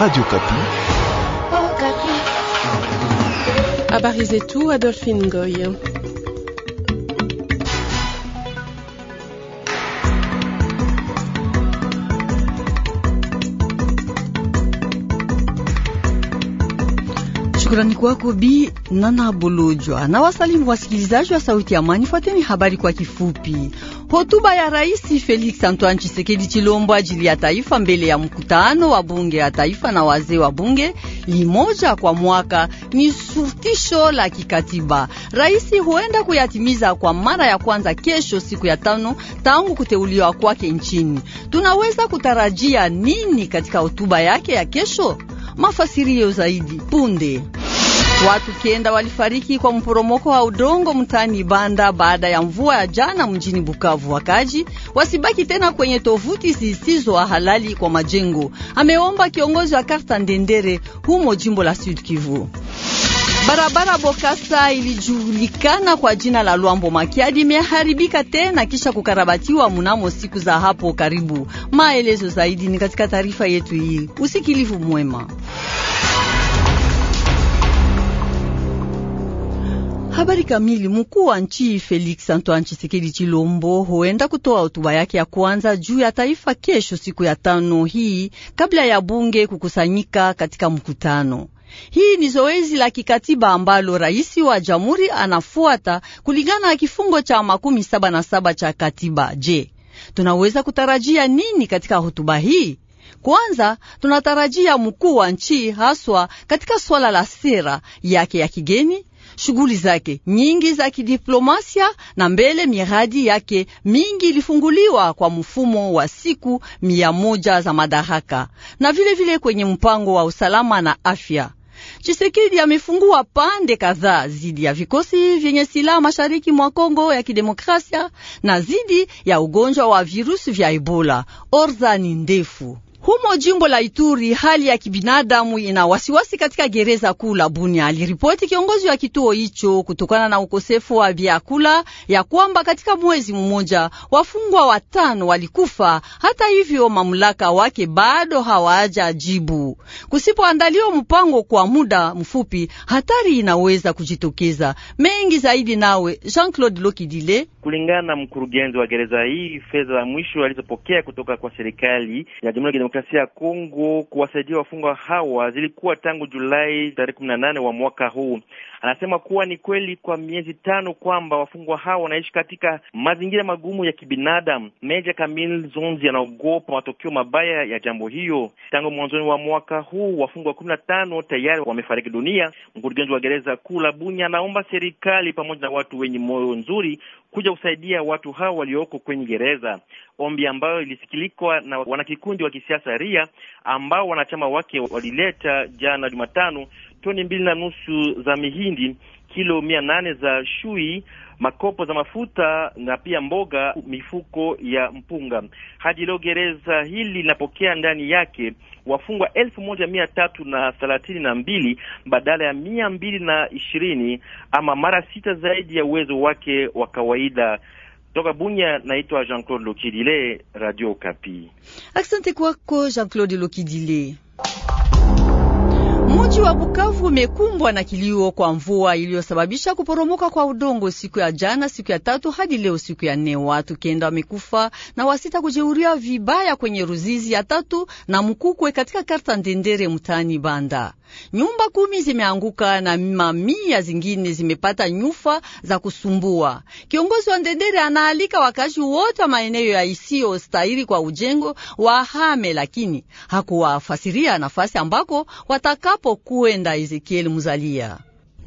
Radio Kapi. Habari oh, tout, Adolphine Goy. Shukrani kwako Bi Nana Bolojwa na wasalimu wasikilizaji wa Sauti ya Amani. Fuateni habari kwa kifupi. Hotuba ya raisi Felix Antoine chisekedi Chilombo ajili ya taifa mbele ya mkutano wa bunge ya taifa na wazee wa bunge limoja kwa mwaka ni shurutisho la kikatiba. raisi huenda kuyatimiza kwa mara ya kwanza kesho, siku ya tano tangu kuteuliwa kwake nchini. Tunaweza kutarajia nini katika hotuba yake ya kesho? Mafasirio zaidi punde. Watu kenda walifariki kwa mporomoko wa udongo mtaani Banda baada ya mvua ya jana mjini Bukavu. Wakaji wasibaki tena kwenye tovuti zisizo halali kwa majengo, ameomba kiongozi wa karta Ndendere humo jimbo la Sud Kivu. Barabara Bokasa ilijulikana kwa jina la Lwambo Makiadi imeharibika tena kisha kukarabatiwa mnamo siku za hapo karibu. Maelezo zaidi ni katika taarifa yetu hii. Usikilivu mwema. Habari kamili. Mkuu wa nchi Felix Antoine Tshisekedi Chilombo huenda kutoa hotuba yake ya kwanza juu ya taifa kesho, siku ya tano hii kabla ya bunge kukusanyika katika mkutano hii ni zoezi la kikatiba ambalo rais wa jamhuri anafuata kulingana na kifungo cha makumi saba na saba cha katiba. Je, tunaweza kutarajia nini katika hotuba hii? Kwanza tunatarajia mkuu wa nchi haswa katika swala la sera yake ya kigeni, shughuli zake nyingi za kidiplomasia na mbele miradi yake mingi ilifunguliwa kwa mfumo wa siku mia moja za madaraka na vilevile vile kwenye mpango wa usalama na afya. Chisekedi amefungua pande kadhaa zidi ya vikosi vyenye silaha mashariki mwa Kongo ya Kidemokrasia na zidi ya ugonjwa wa virusi vya Ebola. Orzani ndefu Humo jimbo la Ituri, hali ya kibinadamu ina wasiwasi katika gereza kuu la Bunia, aliripoti kiongozi wa kituo hicho, kutokana na ukosefu wa vyakula ya kwamba katika mwezi mmoja wafungwa watano walikufa. Hata hivyo, mamlaka wake bado hawaja jibu. Kusipoandaliwa mpango kwa muda mfupi, hatari inaweza kujitokeza. Mengi zaidi nawe Jean-Claude Lokidile. Kulingana na mkurugenzi wa gereza hii, fedha za mwisho alizopokea kutoka kwa serikali ya Jamhuri ya Kidemokrasia ya Kongo kuwasaidia wafungwa hawa zilikuwa tangu Julai tarehe kumi na nane wa mwaka huu. Anasema kuwa ni kweli kwa miezi tano kwamba wafungwa hao wanaishi katika mazingira magumu ya kibinadamu. Meja Kamil Zonzi anaogopa matokeo mabaya ya jambo hiyo. Tangu mwanzoni wa mwaka huu wafungwa kumi na tano tayari wamefariki dunia. Mkurugenzi wa gereza kuu la Bunya anaomba serikali pamoja na watu wenye moyo nzuri kuja kusaidia watu hao walioko kwenye gereza, ombi ambayo ilisikilikwa na wanakikundi wa kisiasa Ria ambao wanachama wake walileta jana Jumatano toni mbili na nusu za mihindi, kilo mia nane za shui, makopo za mafuta na pia mboga, mifuko ya mpunga. Hadi leo gereza hili linapokea ndani yake wafungwa elfu moja mia tatu na thelathini na mbili badala ya mia mbili na ishirini ama mara sita zaidi ya uwezo wake wa kawaida. Toka Bunya, naitwa Jean Claude Lokidile, Radio Kapi. Asante kwako Jean Claude Lokidile wa Bukavu umekumbwa na kilio kwa mvua iliyosababisha kuporomoka kwa udongo siku ya jana, siku ya tatu hadi leo, siku ya nne, watu kenda wamekufa na wasita kujeuriwa vibaya kwenye Ruzizi ya tatu na Mukukwe katika karta Ndendere mtaani Banda. Nyumba kumi zimeanguka na mamia zingine zimepata nyufa za kusumbua. Kiongozi wa Ndendere anaalika wakazi wote wa maeneo ya isiyo stahili kwa ujengo wa hame, lakini hakuwafasiria nafasi ambako watakapo Ezekieli Muzalia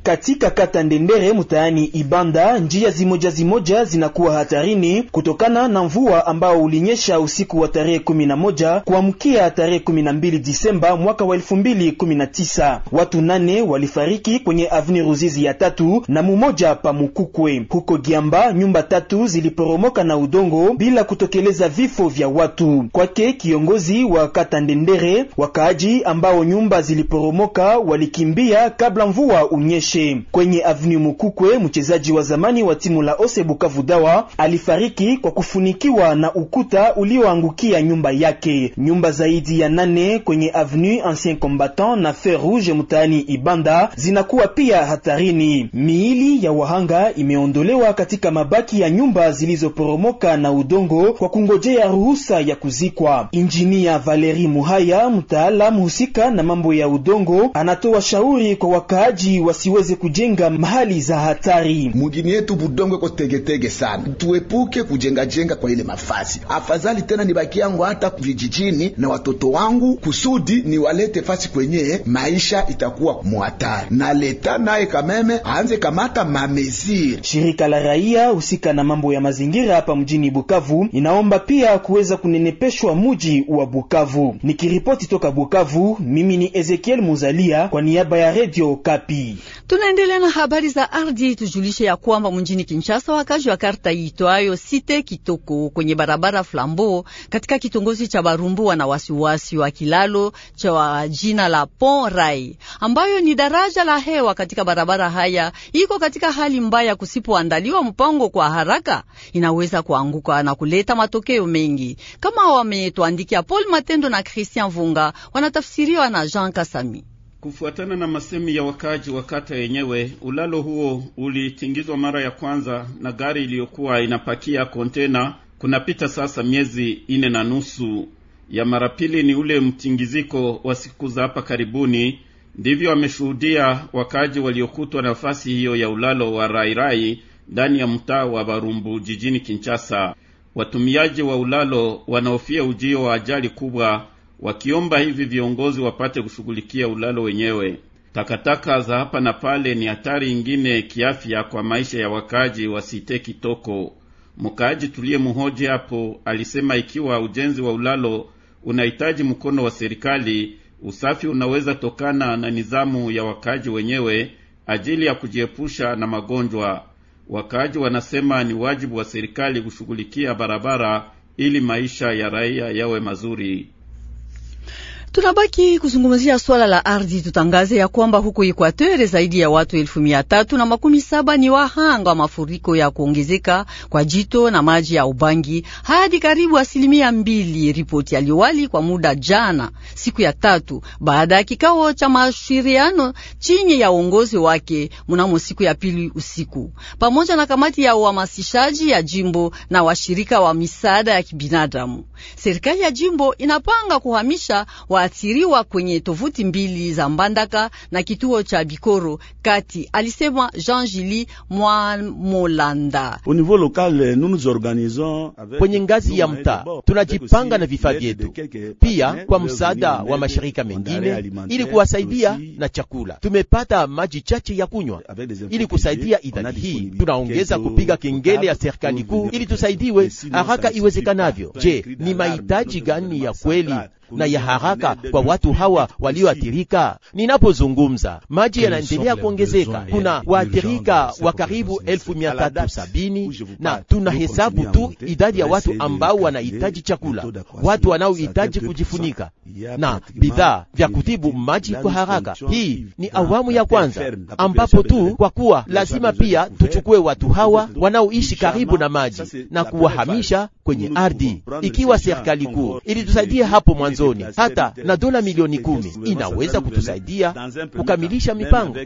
katika kata Ndendere mtaani Ibanda, njia zimoja zimoja zinakuwa hatarini kutokana na mvua ambao ulinyesha usiku wa tarehe 11 kuamkia tarehe 12 Disemba mwaka wa 2019. Watu nane walifariki kwenye avni Ruzizi ya tatu na mumoja pamukukwe. Huko Giamba, nyumba tatu ziliporomoka na udongo bila kutokeleza vifo vya watu. Kwake kiongozi wa kata Ndendere, wakaaji ambao nyumba ziliporomoka walikimbia kabla mvua unyesha. Mubishe. Kwenye Avenue Mukukwe, mchezaji wa zamani wa timu la Ose Bukavu Dawa alifariki kwa kufunikiwa na ukuta ulioangukia nyumba yake. Nyumba zaidi ya nane kwenye Avenue Ancien Combattant na Feu Rouge mtaani Ibanda zinakuwa pia hatarini. Miili ya wahanga imeondolewa katika mabaki ya nyumba zilizoporomoka na udongo kwa kungojea ruhusa ya kuzikwa. Injinia Valeri Muhaya, mtaalamu husika na mambo ya udongo, anatoa shauri kwa wakaaji wasiwe wasiweze kujenga mahali za hatari. Mugini yetu budongo iko tegetege sana, tuepuke kujengajenga kwa ile mafasi. Afadhali tena nibakiangu hata vijijini na watoto wangu, kusudi niwalete fasi kwenye maisha itakuwa muhatari, na leta naye kameme aanze kamata mameziri. Shirika la raia husika na mambo ya mazingira hapa mjini Bukavu inaomba pia kuweza kunenepeshwa muji wa Bukavu. Nikiripoti toka Bukavu, mimi ni Ezekiel Muzalia kwa niaba ya Radio Kapi. Tunaendelea na habari za ardhi. Tujulishe ya kwamba mjini Kinshasa, wakazi wa karta iitwayo Site Kitoko kwenye barabara Flambo katika kitongozi cha Barumbu wana wasiwasi wa kilalo cha jina la Pont Rai, ambayo ni daraja la hewa katika barabara haya, iko katika hali mbaya. Kusipoandaliwa mpango kwa haraka, inaweza kuanguka na kuleta matokeo mengi, kama wametuandikia Paul Matendo na Christian Vunga, wanatafsiriwa na Jean Kasami. Kufuatana na masemi ya wakaaji wa kata yenyewe, ulalo huo ulitingizwa mara ya kwanza na gari iliyokuwa inapakia kontena. Kunapita sasa miezi ine na nusu. Ya mara pili ni ule mtingiziko wa siku za hapa karibuni, ndivyo wameshuhudia wakaaji waliokutwa nafasi hiyo ya ulalo wa Rairai ndani ya mtaa wa Barumbu jijini Kinshasa. Watumiaji wa ulalo wanaofia ujio wa ajali kubwa wakiomba hivi viongozi wapate kushughulikia ulalo wenyewe. Takataka za hapa na pale ni hatari ingine kiafya kwa maisha ya wakaaji wasite kitoko. Mkaaji muhoji hapo alisema ikiwa ujenzi wa ulalo unahitaji mkono wa serikali, usafi unaweza tokana na nidhamu ya wakaaji wenyewe ajili ya kujiepusha na magonjwa. Wakaaji wanasema ni wajibu wa serikali kushughulikia barabara ili maisha ya raia yawe mazuri. Tunabaki kuzungumzia swala la ardhi. Tutangaze ya kwamba huko ekuatere zaidi ya watu elfu mia tatu na makumi saba ni wahanga wa mafuriko ya kuongezeka kwa jito na maji ya Ubangi hadi karibu asilimia mbili. Ripoti ya liwali kwa muda jana, siku ya tatu, baada ya kikao cha mashiriano chini ya uongozi wake mnamo siku ya pili usiku, pamoja na kamati ya uhamasishaji ya jimbo na washirika wa misaada ya kibinadamu. Serikali ya jimbo inapanga kuhamisha wa waathiriwa kwenye tovuti mbili za Mbandaka na kituo cha Bikoro kati, alisema Jean Jili Mwamolanda. Kwenye ngazi ya mtaa tunajipanga na vifaa vyetu, pia kwa msaada wa mashirika mengine ili kuwasaidia na chakula. Tumepata maji chache ya kunywa ili kusaidia idadi hii. Tunaongeza kupiga kengele ya serikali kuu ili tusaidiwe haraka iwezekanavyo. Je, ni mahitaji gani ya kweli na ya haraka kwa watu hawa walioathirika. Ninapozungumza, maji yanaendelea kuongezeka. Kuna waathirika wa karibu elfu mia tatu sabini na tunahesabu tu idadi ya watu ambao wanahitaji chakula, watu wanaohitaji kujifunika na bidhaa vya kutibu maji kwa haraka. Hii ni awamu ya kwanza, ambapo tu kwa kuwa lazima pia tuchukue watu hawa wanaoishi karibu na maji na kuwahamisha kwenye ardhi, ikiwa serikali kuu ilitusaidia hapo mwanzo mwanzoni. Hata na dola milioni kumi inaweza kutusaidia kukamilisha mipango.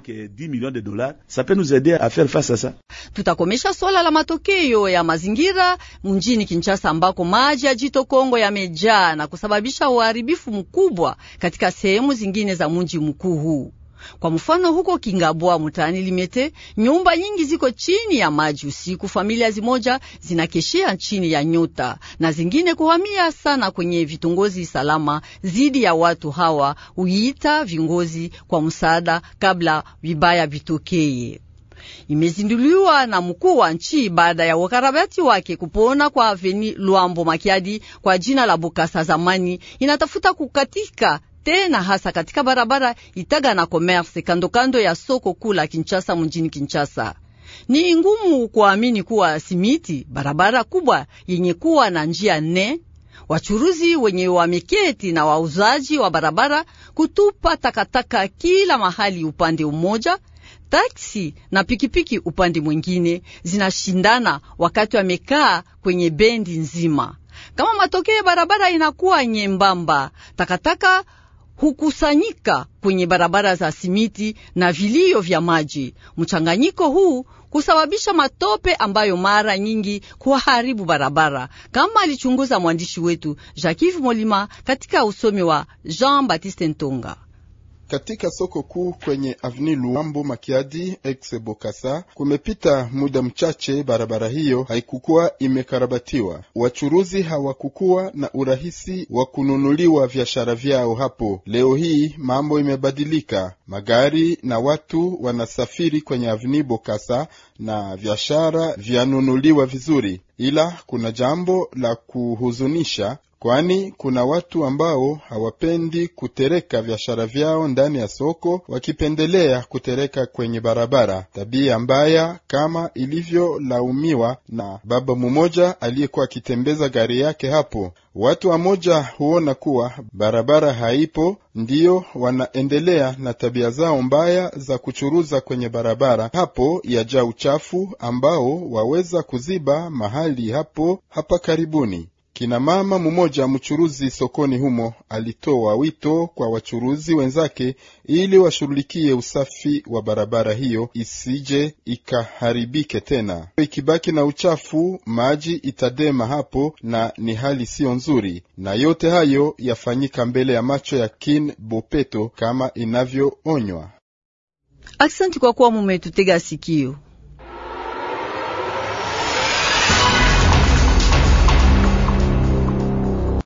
Tutakomesha swala la matokeo ya mazingira mjini Kinshasa, ambako maji ya jito Kongo yamejaa na kusababisha uharibifu mkubwa katika sehemu zingine za mji mkuu huu. Kwa mfano, huko Kingabwa mtaani Limete, nyumba nyingi ziko chini ya maji usiku. Familia zimoja zinakeshea chini ya nyota na zingine kuhamia sana kwenye vitongozi salama zidi ya watu hawa huita vingozi kwa msaada kabla vibaya vitokeye. Imezinduliwa na mkuu wa nchi baada ya ukarabati wake kupona kwa aveni Luambo Makiadi kwa jina la bukasa zamani, inatafuta kukatika tena hasa katika barabara Itaga na Commerce kandokando ya soko kula Kinshasa mjini Kinshasa. Ni ngumu kuamini kuwa simiti barabara kubwa yenye kuwa na njia nne, wachuruzi wenye wameketi na wauzaji wa barabara kutupa takataka kila mahali upande mmoja, taksi na pikipiki upande mwingine zinashindana wakati wamekaa kwenye bendi nzima. Kama matokeo, barabara inakuwa nyembamba, takataka kukusanyika kwenye barabara za simiti na vilio vya maji. Mchanganyiko huu kusababisha matope ambayo mara nyingi kuharibu barabara, kama alichunguza mwandishi wetu Jacques Molima katika usomi wa Jean Baptiste Ntonga. Katika soko kuu kwenye Avenue Luambo Makiadi ex Bokasa, kumepita muda mchache, barabara hiyo haikukuwa imekarabatiwa. Wachuruzi hawakukuwa na urahisi wa kununuliwa biashara vyao hapo. Leo hii mambo imebadilika, magari na watu wanasafiri kwenye avni Bokasa na biashara vyanunuliwa vizuri, ila kuna jambo la kuhuzunisha kwani kuna watu ambao hawapendi kutereka biashara vyao ndani ya soko, wakipendelea kutereka kwenye barabara, tabia mbaya kama ilivyolaumiwa na baba mmoja aliyekuwa akitembeza gari yake hapo. Watu wamoja huona kuwa barabara haipo, ndiyo wanaendelea na tabia zao mbaya za kuchuruza kwenye barabara. Hapo yajaa uchafu ambao waweza kuziba mahali hapo hapa karibuni. Kinamama mmoja mchuruzi sokoni humo alitoa wito kwa wachuruzi wenzake ili washughulikie usafi wa barabara hiyo isije ikaharibike tena. Ikibaki na uchafu, maji itadema hapo na ni hali siyo nzuri, na yote hayo yafanyika mbele ya macho ya Kin Bopeto kama inavyoonywa. Asante kwa kuwa mumetutega sikio.